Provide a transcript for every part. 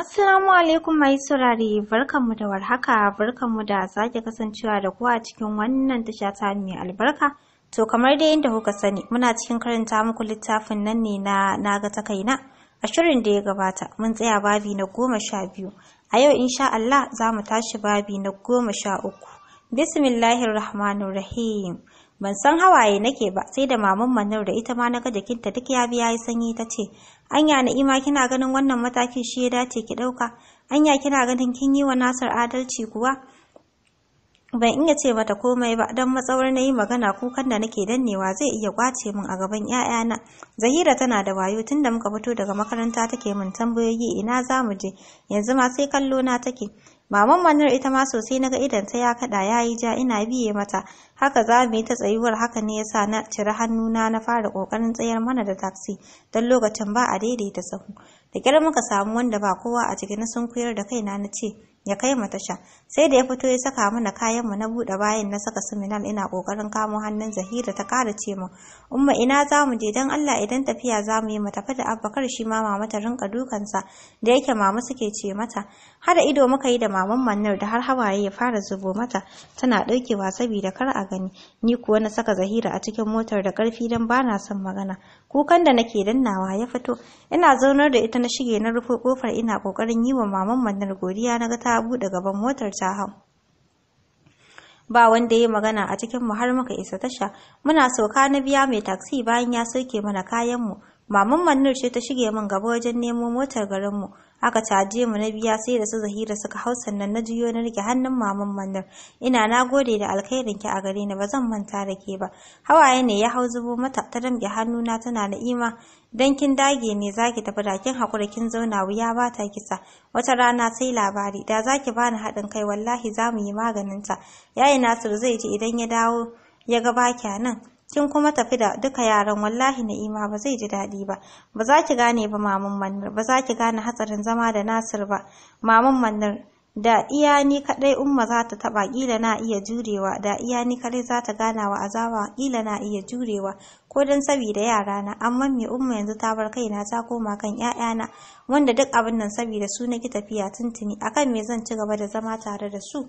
Assalamu alaikum mai saurare barkanmu da warhaka barkanmu da sake kasancewa da ku a cikin wannan tasha ta mai albarka to kamar dai inda kuka sani muna cikin karanta muku littafin nan ne na naga ta kaina a shirin da ya gabata mun tsaya babi na goma sha biyu a yau insha Allah za mu tashi babi na goma sha uku bismillahir rahmanir rahim ban san hawaye nake ba sai da maman manar da ita ma na ga jikinta duk ya biya yi sanyi ta ce anya na'ima kina ganin wannan matakin shi ya dace ki ɗauka anya kina ganin kin yi wa nasar adalci kuwa ban iya ce mata komai ba don matsawar na yi magana kukan da nake dannewa zai iya kwace min a gaban 'ya'yana zahira tana da wayo tunda muka fito daga makaranta take mun tambayoyi ina za mu je yanzu ma sai kallo na take Maman Manar ita ma sosai naga idan ta ya kada yayi ja ina biye mata. Haka za mu yi ta tsayuwar haka ne yasa na cire hannuna na fara kokarin tsayar mana da taxi don lokacin ba a daidaita sahu. Da kyar muka samu wanda ba kowa a ciki na sunkuyar da kaina na ce ya kai mu tasha sai da ya fito ya saka mana kayan mu na bude bayan na saka siminal ina kokarin kamo hannun Zahira ta kara ce mu umma ina za mu je dan Allah idan tafiya za mu yi mu tafi da Abubakar shi ma mama ta rinka dukansa da yake mama suke ce mata hada ido muka yi da maman Mannar da har hawaye ya fara zubo mata tana ɗaukewa saboda kar a gani ni kuwa na saka Zahira a cikin motar da karfi dan bana son magana kukan da nake dannawa ya fito ina zaunar da ita na shige na rufe kofar ina kokarin yi wa maman Mannar godiya na ga ta buɗe gaban motar ta hau ba wanda ya magana a cikin mu har muka isa tasha muna sauka na biya mai taksi bayan ya sauke mana kayan mu maman mannur ce ta shige min gaba wajen nemo motar garinmu aka caje mu na biya sai da su zahira suka hau sannan na juyo na rike hannun maman mannur ina na gode da alkhairin ki a gare ni ba zan manta da ke ba hawaye ne ya hau zubo mata ta hannu hannuna tana ima dan kin dage ne zaki tafi da kin hakura kin zauna wuya ba ta kisa wata rana sai labari da zaki bani haɗin kai wallahi za mu yi ta yayi nasir zai ji idan ya dawo ya ga a nan kin kuma tafi da duka yaran wallahi na'ima ba zai ji daɗi ba ba za ki gane ba maman mannar ba za ki gane hatsarin zama da nasir ba maman mannar da iya ni kadai umma za ta taba kila na iya jurewa da iya ni kadai za ta gana wa azaba kila na iya jurewa ko dan saboda na amma me umma yanzu ta bar kaina ta koma kan 'ya'yana wanda duk abin nan saboda su nake tafiya tuntuni akan me zan ci gaba da zama tare da su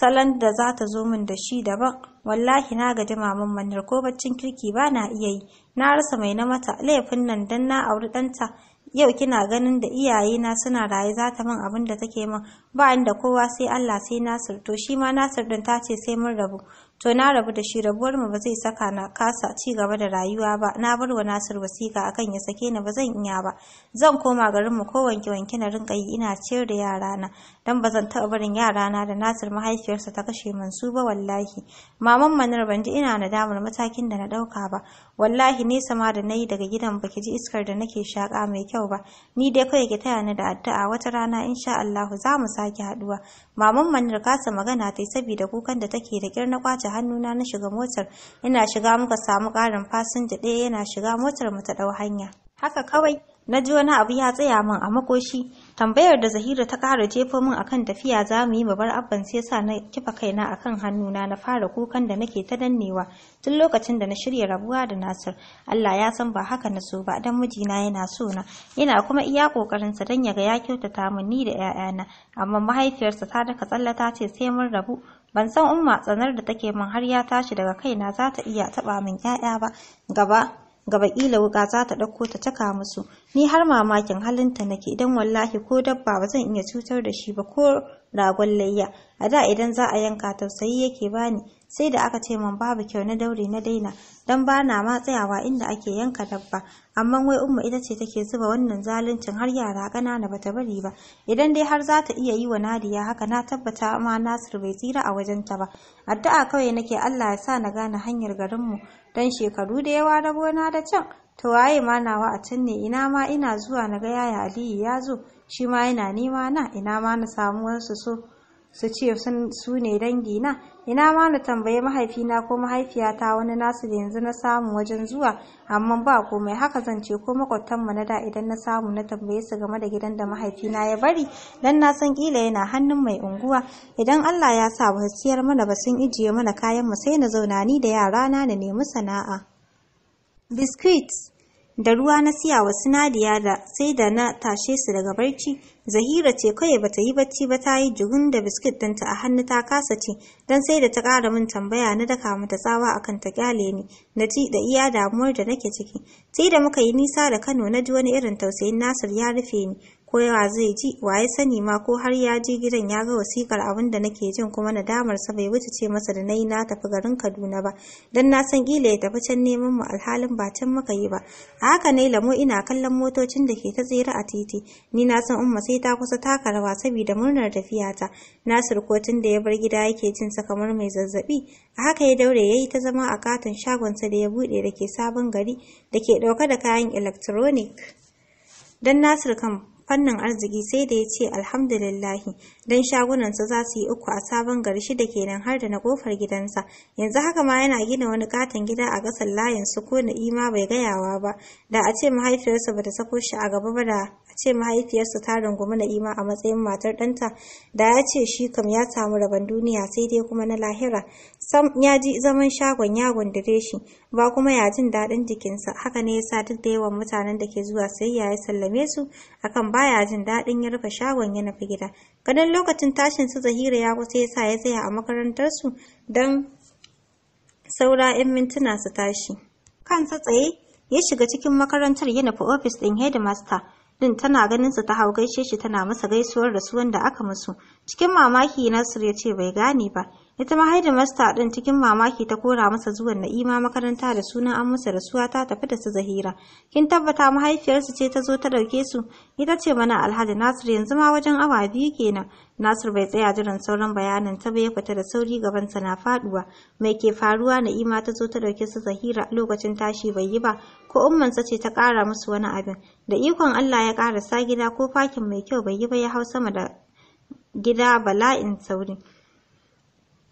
salon da za ta zo min da shi daban wallahi na gaji maman manar ko baccin kirki ba na iya yi na rasa mai na mata laifin nan dan na auri ɗanta yau kina ganin da iyaye na suna raye za ta min abin da take min ba inda kowa sai Allah sai Nasir to shi ma Nasir din ta ce sai mun rabu to na rabu da shi rabuwar mu ba zai saka na kasa ci gaba da rayuwa ba na bar wa Nasir wasika akan ya sake ni ba zan iya ba zan koma garin mu ko wanke wanke na rinka yi ina ciyar da yara na dan ba zan taɓa barin na da Nasir mahaifiyarsa ta kashe su ba wallahi maman Manar ban ji ina nadamar matakin da na ɗauka ba wallahi nesa ma da nayi daga gidan baki ji iskar da nake shaka mai kyau ba ni dai kai ki taya ni da addu'a wata rana insha Allah za mu sake haduwa maman manar kasa magana ta saboda kukan da take da kyar kwace hannuna na shiga motar yana shiga muka samu karin fasinja ɗaya yana shiga motar mu ta ɗau hanya Haka kawai, na ji wani abu ya tsaya min a makoshi, tambayar da Zahira ta kara jefo min akan tafiya za mu yi mu bar abban sai sa na kifa kaina akan hannuna na fara kukan da nake ta dannewa tun lokacin da na shirya rabuwa da Nasir. Allah ya san ba haka na so ba dan mijina yana so na, yana kuma iya kokarinsa dan ya ga ya kyautata min ni da 'ya'yana, amma mahaifiyarsa ta daka tsallata ce sai mun rabu ban san umma tsanar da take min har ya tashi daga kaina za ta iya taɓa min 'ya'ya ba gaba gaba kila wuka za ta ɗauko ta caka musu ni har mamakin halinta nake idan wallahi ko dabba ba zan iya cutar da shi ba ko ragon layya a da idan za a yanka tausayi yake bani sai da aka ce man babu kyau na daure na daina dan ba na ma tsayawa inda ake yanka dabba amma wai umma ita ce take zuba wannan zaluncin har yara ƙanana bata bari ba idan dai har za ta iya yi wa Nadiya haka na tabbata ma Nasir bai tsira a wajenta ba addu'a kawai nake Allah ya sa na gane hanyar garinmu don shekaru da yawa rabona da can to waye ma nawa a can ne ina ma ina zuwa na ga yaya Aliyu ya zo shi ma yana nema na ina ma na samu wansu so su ce su ne dangi na ina ma na tambayi mahaifina ko mahaifiyata wani nasu da yanzu na samu wajen zuwa amma ba komai haka zan ce ko makwabtanmu na da idan na samu na tambaye su game da gidan da mahaifina ya bari dan na san kila yana hannun mai unguwa idan Allah ya sa ba siyar mana ba sun ijiye mana kayan mu sai na zauna ni da yara na na nemi sana'a biscuits da ruwa na siya wa sinadiya da sai da na tashe su daga barci zahira ce kawai bata yi bacci ba ta yi jugun da biskit ɗinta a hannu ta kasa ce don sai da ta ƙara min tambaya na daka mata tsawa akan ta kyale ni na ji da iya damuwar da nake ciki sai da muka yi nisa da kano na ji wani irin tausayin nasir ya rufe ni ko yawa zai ji wa sani ma ko har ya je gidan ya ga wasikar abin da nake jin kuma nadamar sa bai wuce ce masa da nayi na tafi garin Kaduna ba dan na san kila ya tafi can neman mu alhalin ba can muka yi ba a haka ne lamo ina kallon motocin da ke ta tsere a titi ni na san umma sai ta kusa taka rawa saboda murnar tafiyata Nasir ko tun da ya bar gida yake jin sa kamar mai zazzabi a haka ya daure yayi ta zama a katon sa da ya bude da ke sabon gari da ke dauke da kayan electronic dan Nasir kam fannin arziki sai da ya ce alhamdulillahi don shagunansa za su yi uku a sabon gari shida kenan har da na kofar gidansa yanzu haka ma yana gina wani katon gida a ƙasar layin su ko na ima bai gayawa ba da a ce mahaifiyarsa bata sako shi a gaba ba da a ce mahaifiyarsa ta rungumi na ima a matsayin matar ɗanta da ya ce shi kam ya samu rabon duniya sai dai kuma na lahira sam ya ji zaman shagon ya gundure shi ba kuma ya jin daɗin jikinsa haka ne ya sa duk da yawan mutanen da ke zuwa sayayya ya sallame su akan baya jin daɗin ya rufe shagon ya nufi gida. Ganin lokacin tashin su Zahira ya kusa ya sa ya tsaya a makarantarsu don saura 'yan mintuna su tashi. Kansa tsaye ya shiga cikin makarantar ya nufi ofis ɗin headmaster din tana ganin su ta hau gaishe shi tana masa gaisuwar da su wanda aka musu. Cikin mamaki Nasir ya ce bai gane ba. ita ma masta din cikin mamaki ta kora masa zuwan na'ima makaranta da sunan an da rasuwa ta tafi da su zahira kin tabbata mahaifiyarsu ce ta zo ta dauke su ita ce mana alhaji nasir yanzu ma wajen awa biyu kenan nasir bai tsaya jiran sauran bayanin ta ya fita da sauri gabansa na faduwa mai ke faruwa na'ima ta zo ta dauke su zahira lokacin tashi bai yi ba ko ummansa ce ta kara musu wani abin da ikon allah ya kara sa gida ko fakin mai kyau bai yi ba ya hau sama da gida bala'in sauri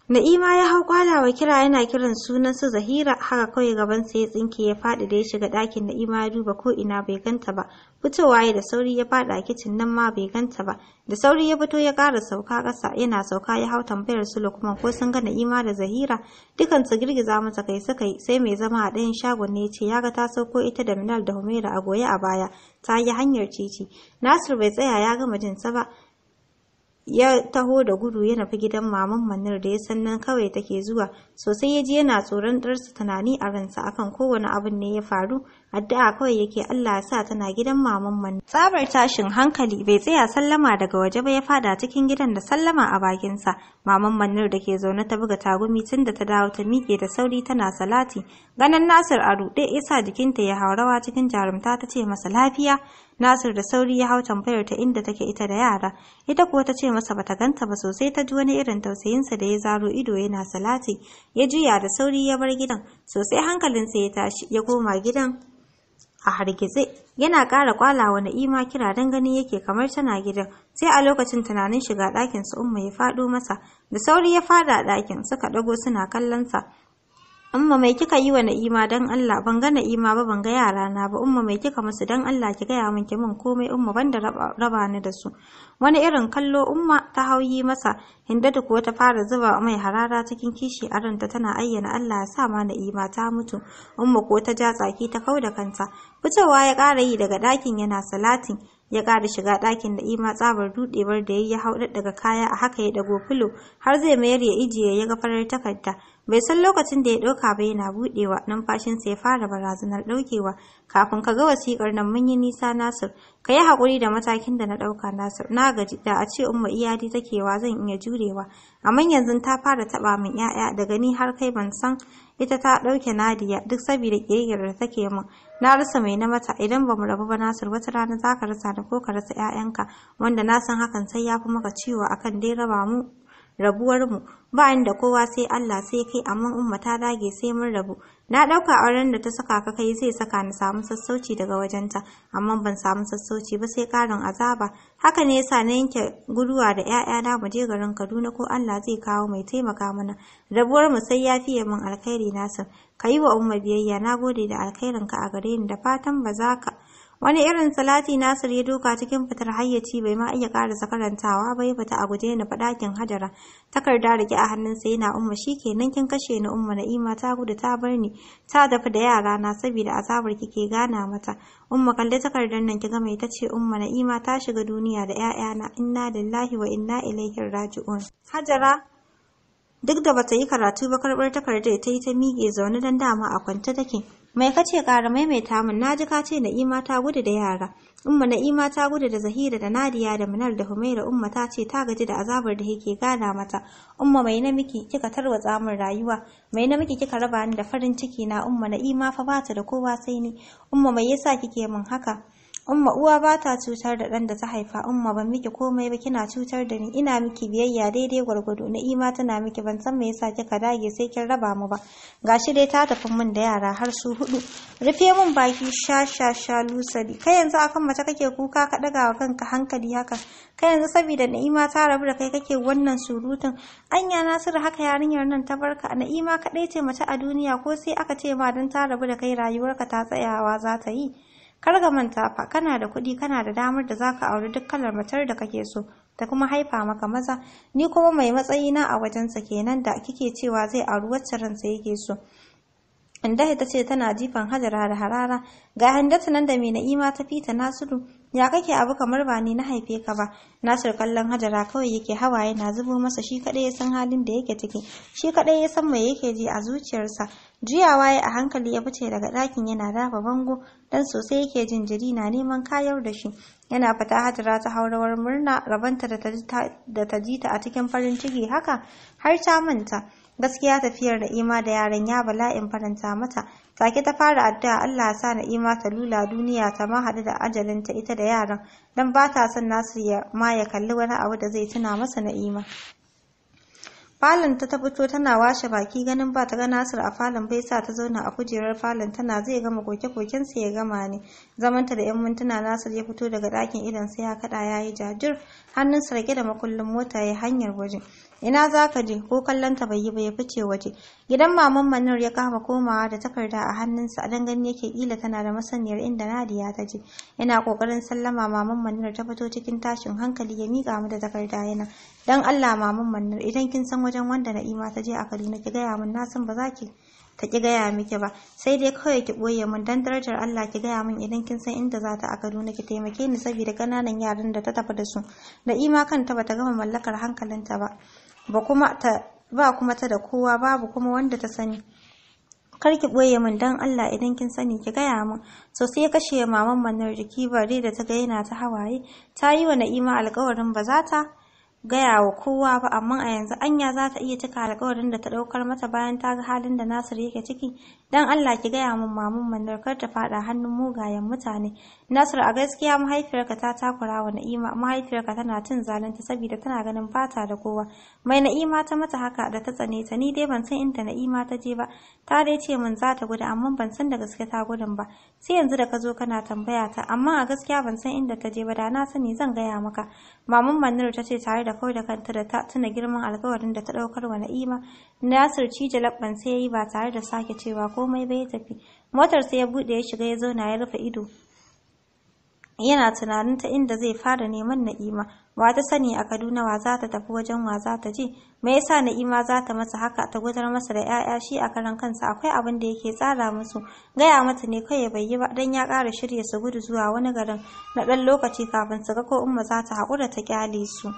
Na'ima ya hau wa kira yana kiran sunan su Zahira haka kawai gaban sa ya tsinke ya faɗi da ya shiga ɗakin Na'ima ya duba ko ina bai ganta ba. Fitowa ya da sauri ya faɗa kicin nan ma bai ganta ba. Da sauri ya fito ya ƙara sauka ƙasa yana sauka ya hau tambayar su Lukman ko sun ga Na'ima da Zahira dukan su girgiza masa kai suka yi sai mai zama a ɗayan shagon ne ya ce ya ga ta sauko ita da Minal da Humaira a goye a baya ta yi hanyar titi. Nasir bai tsaya ya gama jinsa ba ya taho da gudu ya nafi gidan maman manir da ya san nan kawai take zuwa sosai ya ji yana tsoron ɗarsa tunani a ransa akan kowane abin ne ya faru addu'a kawai yake Allah ya sa tana gidan maman man tsabar tashin hankali bai tsaya sallama daga waje ba ya fada cikin gidan da sallama a bakinsa maman manir da ke zaune ta buga tagumi tun da ta dawo ta miƙe da sauri tana salati ganin Nasir a ruɗe isa jikinta ya haurawa cikin jarumta ta ce masa lafiya Nasir da sauri ya hau tambayar ta inda take ita da yara. Ita kuwa ta ce masa bata ganta ba sosai ta ji wani irin tausayinsa da ya zaro ido yana salati. Ya juya da sauri ya bar gidan. Sosai hankalinsa ya tashi ya koma gidan a hargitse yana ƙara kwalawa na'ima kira don ganin yake kamar tana gidan sai a lokacin tunanin shiga ɗakin su umma ya faɗo masa da sauri ya fada ɗakin suka ɗago suna kallon sa Umma mai kika yi wa Na'ima dan Allah ban ga Na'ima ba ban ga yara na ba umma mai kika musu dan Allah ki gaya min ki mun komai umma banda raba ni da su wani irin kallo umma ta hauyi masa hindata kuwa ta fara zuba mai harara cikin kishi a ranta tana ayyana Allah ya sa ma Na'ima ta mutu umma ko ta ja tsaki ta kauda kanta fitowa ya ƙara yi daga ɗakin yana salatin ya ƙara shiga ɗakin da ima tsabar dudewar da ya hau daga kaya a haka ya dago filo har zai mayar ya ijiye ya ga farar takarda bai san lokacin da ya ɗauka ba yana buɗewa numfashinsa ya fara barazanar ɗaukewa kafin ka ga wasikar nan mun yi nisa nasir ka yi hakuri da matakin da na ɗauka nasir na gaji da a ce umma iyadi takewa zan iya jurewa amma yanzu ta fara taɓa min 'ya'ya, daga ni har kai ban san ita ta ɗauke nadiya duk saboda ƙirƙirar da take min na rasa mai na mata idan ba mu rabu ba nasir wata rana za ka rasa da ko ka rasa ƴaƴanka wanda na san hakan sai ya fi maka ciwo akan dai raba mu rabuwar mu ba inda kowa sai Allah sai kai amma umma ta dage sai mun rabu na ɗauka auren da ta saka ka kai zai saka ni samu sassauci daga wajenta amma ban samu sassauci ba sai karin azaba haka ne yasa na yanke guduwa da 'ya'yana mu je garin Kaduna ko Allah zai kawo mai taimaka mana rabuwar mu sai ya fiye min alkhairi nasu ka yi wa umma biyayya na gode da alkhairinka a gare ni da fatan ba za ka wani irin salati nasir ya duka cikin fitar hayyaci bai ma iya karasa karantawa ba ya fita a guje na fadakin hadara takarda rike a hannunsa yana umma Shi kenan kin kashe ni umma na'ima ta gudu ta bar ni ta dafa da yara na saboda azabar kike gana mata umma kalle takardar nan kiga mai tace umma na'ima ta shiga duniya da ƴaƴana inna lillahi wa inna ilaihi raji'un hajara duk da bata yi karatu ba karɓar takardar ta yi ta miƙe zaune dan dama a kwanta take Mai kace ƙara maimaita mun? na ji ka ce Na'ima ta gudu da yara. Umma Na'ima ta gudu da Zahira da Nadiya da Minal da Humaira Umma ta ce ta gaji da azabar da yake gana mata. Umma mai na miki kika tarwatsa min rayuwa. Mai na miki kika raba ni da farin ciki na Umma Na'ima fa bata da kowa sai ni. Umma mai yasa kike min haka? Umma uwa ba ta cutar da ɗan da ta haifa, Umma ban miki komai ba kina cutar da ni, ina miki biyayya daidai gwargwado, na'ima tana miki ban san me yasa kika dage sai kin raba mu ba. Gashi dai ta tafi min da yara har su hudu. Rufe mun baki sha sha sha lusali, kai yanzu akan mace kake kuka ka ɗaga wa kanka hankali haka. Kai yanzu saboda na'ima ta rabu da kai kake wannan surutun. Anya Nasiru haka yarinyar nan ta barka, na'ima kaɗai ce mace a duniya ko sai aka ce ma don ta rabu da kai rayuwarka ta tsayawa za ta yi. kar ga manta fa kana da kuɗi kana da damar da zaka auri duk kalar matar da kake so ta kuma haifa maka maza ni kuma mai matsayi na a wajensa kenan da kike cewa zai auri wacce ransa yake so inda ta ce tana jifan hadara da harara ga handata nan da mai na'ima ta fita nasiru ya kake abu kamar ba ni na haife ka ba nasir kallon hajara kawai yake hawaye na zubo masa shi kadai ya san halin da yake ciki shi kadai ya san mai yake ji a zuciyarsa Juyawa ya a hankali ya fice daga ɗakin yana dafa bango don sosai yake jin jiri na neman kayar da shi. Yana fita hajara ta haurawar murna rabanta da ta ji ta a cikin farin ciki haka har ta manta. Gaskiya tafiyar da ima da yaran ya bala'in faranta mata. Take ta fara addu'a Allah sa na ima ta lula duniya ta ma haɗu da ajalinta ita da yaran. Dan ba ta son nasu ya ma ya kalli wani abu da zai tuna masa na ima. Falon ta fito tana washe baki ganin ba ta ga Nasir a falon bai sa ta zauna a kujerar falon tana zai gama koke-koken sa ya gama ne. Zamanta da 'yan mintuna Nasir ya fito daga ɗakin idon sai ya kaɗa ya yi jajir. sa rike da makullin mota ya hanyar waje ina za ka je ko kallon ta bai yi ba ya fice waje gidan maman manur ya kama komawa da takarda a hannunsa a dangane yake kila tana da masaniyar inda nadiya ta je yana kokarin sallama maman manur ta fito cikin tashin hankali ya miƙa da takarda yana dan allah maman manur idan kin san wajen wanda na'ima ta je a kaduna ki gaya mun na san ba za ki ta ki gaya miki ba sai dai kawai ki boye mun dan darajar Allah ki gaya min idan kin san inda za ta a Kaduna ki taimake ni saboda kananan yaran da ta tafi da su da ima kanta bata gama mallakar hankalinta ba ba kuma ta ba kuma ta da kowa babu kuma wanda ta sani kar ki boye min dan Allah idan kin sani ki gaya min so sai kashe maman manar jiki bare da ta ga yana ta hawaye ta yi wa Na'ima alƙawarin ba za ta gaya wa kowa ba amma a yanzu anya za ta iya cika alkawarin da ta ɗaukar mata bayan ta ga halin da Nasir yake ciki dan Allah ki gaya min mamun manar kar ta fada hannun mugayen mutane Nasir a gaskiya mahaifiyarka ta takura wa Na'ima mahaifiyarka tana cin zalunta saboda tana ganin fata da kowa mai Na'ima ta mata haka da ta tsane ta ni dai ban san inda Na'ima ta je ba ta dai ce min za ta gudu amma ban san da gaske ta gudun ba sai yanzu da ka zo kana tambaya ta amma a gaskiya ban san inda ta je ba da na sani zan gaya maka mamun manar ta ce tare da kawai da kanta da ta tuna girman alkawarin da ta daukar wa Na'ima Nasir cije labban sai yayi ba tare da sake cewa ko komai bai tafi motar sai ya bude ya shiga ya zauna ya rufe ido yana tunanin ta inda zai fara neman na'ima wa ta sani a kaduna wa za ta tafi wajen wa za ta je me yasa na'ima za ta masa haka ta gudar masa da 'ya'ya shi a karan kansa akwai abin da yake tsara musu gaya mata ne kai ya bayyi ba dan ya kara shirya su gudu zuwa wani garin na ɗan lokaci kafin su ga ko umma za ta haƙura ta kyale su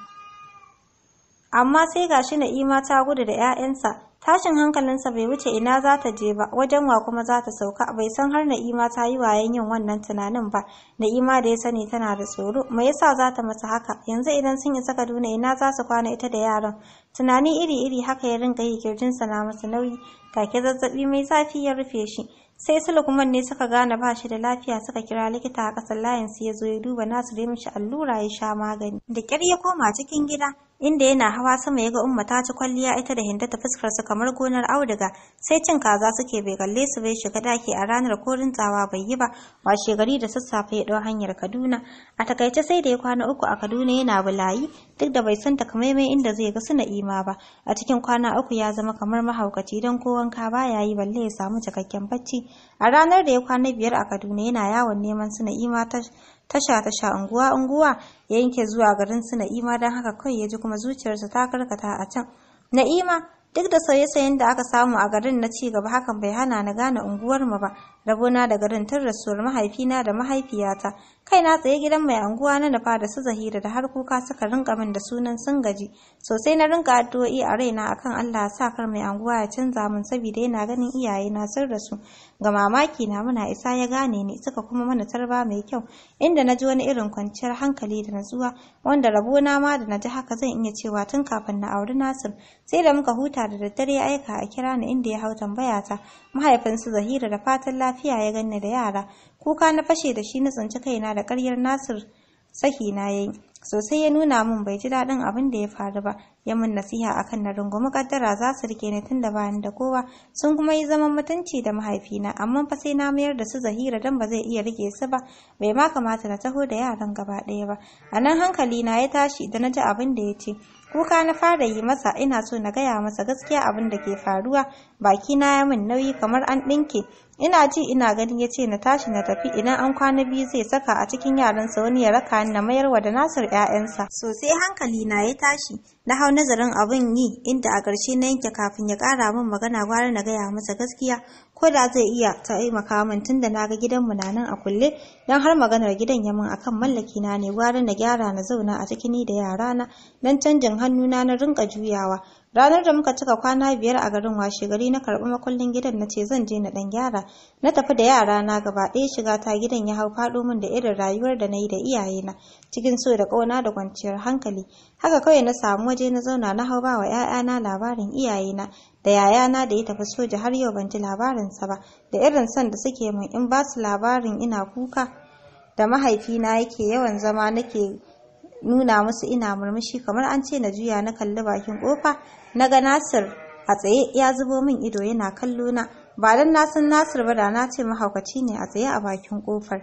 amma sai gashi na'ima ta gudu da 'ya'yansa Tashin hankalinsa bai wuce ina za ta je ba, wajen wa kuma za ta sauka, bai san har Na'ima ta yi wayan yin wannan tunanin ba. Na'ima da ya sani tana da tsoro, me yasa za ta masa haka? Yanzu idan sun isa Kaduna ina za su kwana ita da yaran? Tunani iri-iri haka ya rinka yi kirjinsa na masa nauyi, Kake zazzaɓi mai zafi ya rufe shi. sai su lukman ne suka gane ba shi da lafiya suka kira likita a ƙasar su ya zo ya duba nasu ya mishi allura ya sha magani da kyar ya koma cikin gida inda yana hawa sama ya ga umma ta ci kwalliya ita da hinda ta fuskar su kamar gonar auduga sai cin kaza suke bai kalle su bai shiga daki a ranar korin tsawa bai yi ba washe gari da sassafe ya dau hanyar Kaduna a takaice sai da ya kwana uku a Kaduna yana bulayi duk da bai san takamaimai inda zai ga su ima ba a cikin kwana uku ya zama kamar mahaukaci don ko wanka baya yi balle ya samu cikakken bacci a ranar da ya kwana biyar a kaduna yana yawon neman su na'ima tasha tasha unguwa unguwa ya yanke zuwa garin su na'ima don haka kawai ya ji kuma zuciyarsa ta karkata a can na'ima duk da sauye-sayen da aka samu a garin na ci gaba hakan bai hana na gane unguwarmu ba rabona da garin tun rasuwar mahaifina da mahaifiyata kai na tsaye gidan mai anguwa na nufa da su zahira da har kuka suka rinka min da sunan sun gaji sosai na rinka addu'o'i a raina akan Allah sa kar mai anguwa ya canza mun saboda yana ganin iyaye na sun rasu ga mamaki na muna isa ya gane ni suka kuma mana tarba mai kyau inda na ji wani irin kwanciyar hankali da natsuwa wanda rabona ma da na ji haka zan iya cewa tun kafin na auri Nasir sai da muka huta da daddare aika a kira ni inda ya hau tambaya ta mahaifinsu Zahira da fatan lafiya ya ganni da yara kuka na fashe da shi na tsinci kaina da karyar nasir saki na yayi sosai ya nuna min bai ji daɗin abin da ya faru ba ya min nasiha akan na rungumi kaddara za su rike ni tun da bayan da kowa sun kuma yi zaman mutunci da mahaifina amma fa sai na mayar da su zahira dan ba zai iya rike su ba bai ma kamata na taho da yaran gaba ɗaya ba a nan hankali na ya tashi da na ji abin da ya ce kuka na fara yi masa ina so na gaya masa gaskiya abin da ke faruwa baki na ya min nauyi kamar an ɗinke ina ji ina ganin ya ce na tashi na tafi idan an kwana biyu zai saka a cikin yaransa wani ya raka ni na mayarwa da nasir 'ya'yansa sosai hankali na ya tashi na hau nazarin abin yi inda a ƙarshe na yanke kafin ya ƙara min magana gwara na gaya masa gaskiya ko da zai iya taimaka min tun da na ga gidanmu na nan a kulle don har maganar gidan ya min akan mallaki na ne gwara na gyara na zauna a cikin ni da yarana don canjin hannu na na rinka juyawa Ranar da muka cika kwana biyar a garin washe gari na karɓi makullin gidan na ce zan je na ɗan gyara. Na tafi da yara na gaba ɗaya shiga ta gidan ya hau faɗo min da irin rayuwar da na yi da iyayena cikin so da ƙauna da kwanciyar hankali. Haka kawai na samu waje na zauna na hau bawa wa 'ya'yana labarin iyayena da yayana da ya tafi soja har yau ban ji labarinsa ba da irin son da suke min in ba su labarin ina kuka da mahaifina yake yawan zama nake nuna musu ina murmushi kamar an ce na juya na kalli bakin kofa na ga Nasir a tsaye ya zubo min ido yana kallo na ba dan na san Nasir ba da na ce mahaukaci ne a tsaye a bakin kofar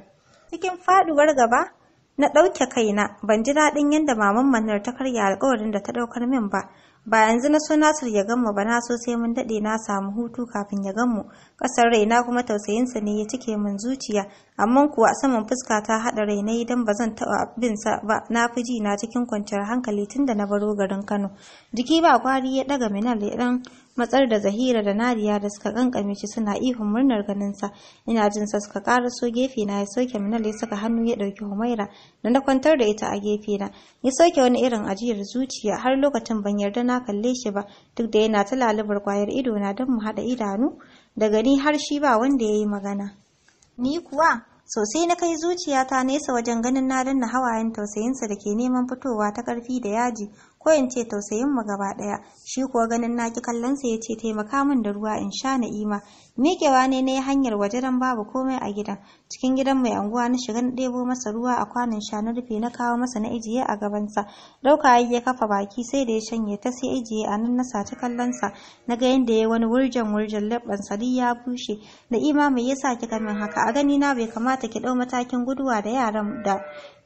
cikin faduwar gaba na ɗauke kaina ban ji daɗin yadda maman manar ta karya alkawarin da ta ɗaukar min ba ba yanzu na so Nasir ya ganmu ba na so sai mun dade na samu hutu kafin ya ganmu kasar raina kuma tausayin sa ne ya cike min zuciya amma kuwa saman fuska ta hada raina idan ba zan taba bin sa ba na fi ji na cikin kwanciyar hankali tunda na baro garin Kano jiki ba kwari ya daga minal ya dan matsar da Zahira da Nadiya da suka kankame shi suna ihun murnar ganinsa ina jin sa suka karaso gefe na ya soke minal ya saka hannu ya ɗauki Humaira da na kwantar da ita a gefe na ya soke wani irin ajiyar zuciya har lokacin ban yarda na kalle shi ba duk da yana ta lalubar kwayar ido na don mu haɗa idanu daga ni har shi ba wanda ya yi magana ni kuwa sosai na kai zuciyata nesa wajen ganin na danna hawayen tausayinsa da ke neman fitowa ta ƙarfi da yaji ko in ce tausayin mu gaba daya shi kuwa ganin naki kallon sa ce taimaka min da ruwa in sha na'ima miƙewa ne na hanyar waje dan babu komai a gidan cikin gidan mai anguwa na shiga na ɗebo masa ruwa a kwanon sha na rufe na kawo masa na ijiye a gabansa dauka ya kafa baki sai da ya shanye ta sai ijiye a nan na saci kallonsa na ga yanda ya wani wurjan wurjan labban sari ya bushe da ima mai yasa kika min haka a gani na bai kamata ki ɗau matakin guduwa da yaran da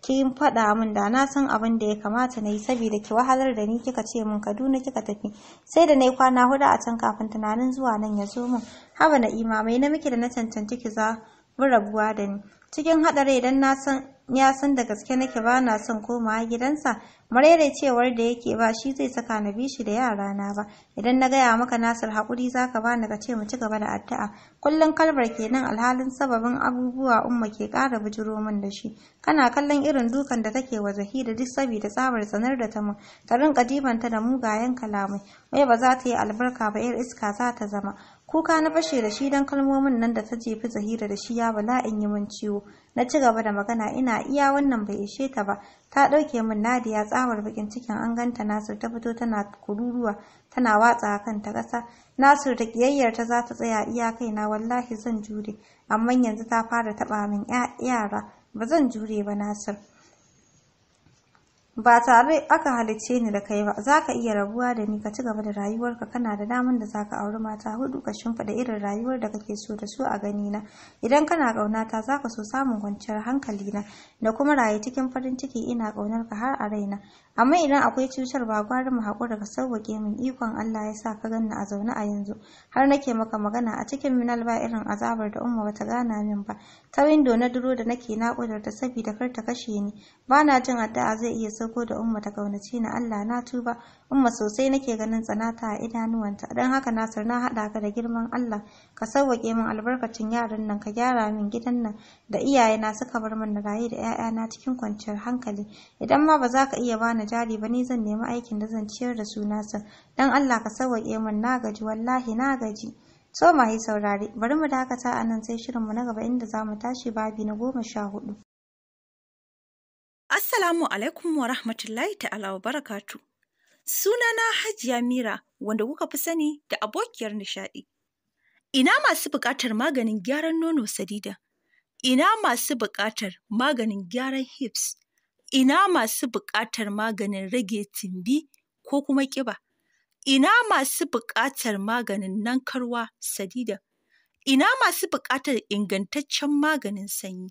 kin faɗa min da na san abin da ya kamata na yi saboda ki wahalar da ni kika ce min Kaduna kika tafi sai da na yi kwana hudu a can kafin tunanin zuwa nan ya zo min haba na ima mai na miki da na cancanci ki za rabuwa da ni cikin haɗari idan na san ya san da gaske nake ba na son komawa gidansa marere cewar da yake ba shi zai saka na bi shi da yarana ba idan na gaya maka nasir hakuri zaka ka bani ka ce mu ci gaba da addu'a kullum kalbar kenan alhalin sababin abubuwa umma ke ƙara bijiro min da shi kana kallon irin dukan da take wa da duk saboda tsabar sanar da ta mu. ta rinka jibanta da mugayen kalamai wai ba za ta yi albarka ba yar iska za ta zama kuka na fashe da shi don kalmomin nan da ta jefi zahira da shi ya bala in yi min ciwo na ci gaba da magana ina iya wannan bai ishe ta ba ta ɗauke min nadiya tsawar bakin cikin an ganta nasir ta fito tana kururuwa tana watsa kan ta ƙasa nasir da ƙiyayyar ta za ta tsaya iya kaina wallahi zan jure amma yanzu ta fara taɓa min yara ba zan jure ba nasir ba tare aka halicce ni da kai ba za ka iya rabuwa da ni ka ci gaba da rayuwarka kana da daman da za ka auri mata hudu ka shimfiɗa irin rayuwar da kake so da su a ganina idan kana ƙaunata za ka so samun kwanciyar hankalina da kuma raye cikin farin ciki ina ƙaunar ka har a raina amma idan akwai cutar ba gwari mu haƙura ka sauwaƙe min ikon Allah ya sa ka ganna a zaune a yanzu har nake maka magana a cikin minal ba irin azabar da umma bata gana min ba ta windo na duro da nake naƙudar ta saboda kar ta kashe ni bana jin addu'a zai iya sauko da umma ta kaunaci na Allah na tuba umma sosai nake ganin tsanata a idanuwanta don haka Nasir na haɗa ka da girman Allah ka sauwaƙe min albarkacin yaran nan ka gyara min gidan nan da iyaye na suka bar min na rayu da 'ya'yana cikin kwanciyar hankali idan ma ba za ka iya bani jari ba ni zan nemi aikin da zan ciyar da su Nasir dan Allah ka sauwaƙe min na gaji wallahi na gaji so mai saurare bari mu dakata a nan sai shirinmu na gaba inda za mu tashi babi na goma sha hudu. Assalamu alaikum wa rahmatullahi ta'ala wa barakatu. Sunana Hajiya Mira wanda kuka fi sani da abokiyar nishaɗi. Ina masu buƙatar maganin gyaran nono sadida. Ina masu buƙatar maganin gyaran hips. Ina masu buƙatar maganin rage timbi ko kuma ƙiba. Ina masu buƙatar maganin nankarwa sadida. Ina masu buƙatar ingantaccen maganin sanyi.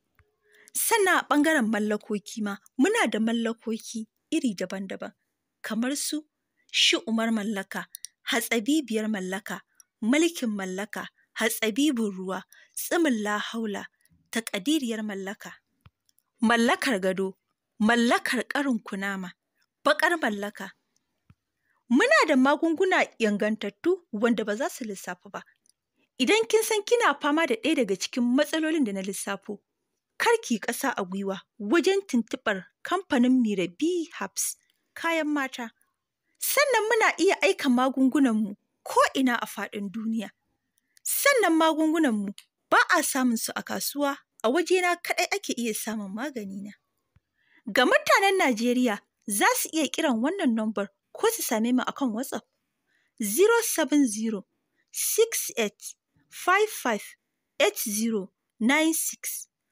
sannan a ɓangaren mallakoki ma muna da mallakoki iri daban-daban kamar su shi umar mallaka hatsabibiyar mallaka mulkin mallaka hatsabibin ruwa tsimin lahaula taƙadiriyar mallaka mallakar gado mallakar ƙarin kunama baƙar mallaka muna da magunguna yangantattu wanda ba za su lissafu ba idan kin san kina fama da ɗaya daga cikin matsalolin da na lissafo karki kasa a gwiwa wajen tuntuɓar kamfanin Mirabi Hubs kayan mata. Sannan muna iya aika magungunanmu ina a faɗin duniya. Sannan magungunanmu ba a samun su a kasuwa, a wajena kaɗai ake iya samun magani na Ga mutanen Najeriya za su iya kiran wannan nombar ko su same mu akan WhatsApp 070 68 55 96